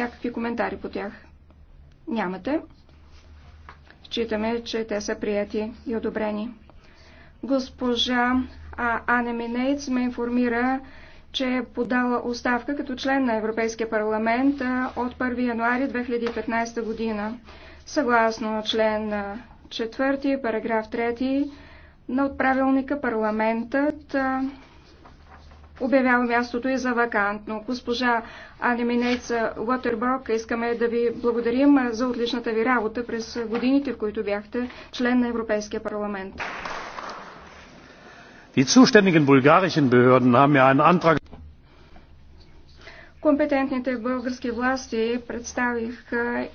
някакви коментари по тях? Нямате. Считаме, че те са прияти и одобрени. Госпожа а, Ане Минейц ме информира, че е подала оставка като член на Европейския парламент от 1 януари 2015 година. Съгласно член 4, параграф 3 на отправилника парламентът обявява мястото и за вакантно. Госпожа Анеминейца Уотерброк, искаме да ви благодарим за отличната ви работа през годините, в които бяхте член на Европейския парламент. Компетентните български власти представиха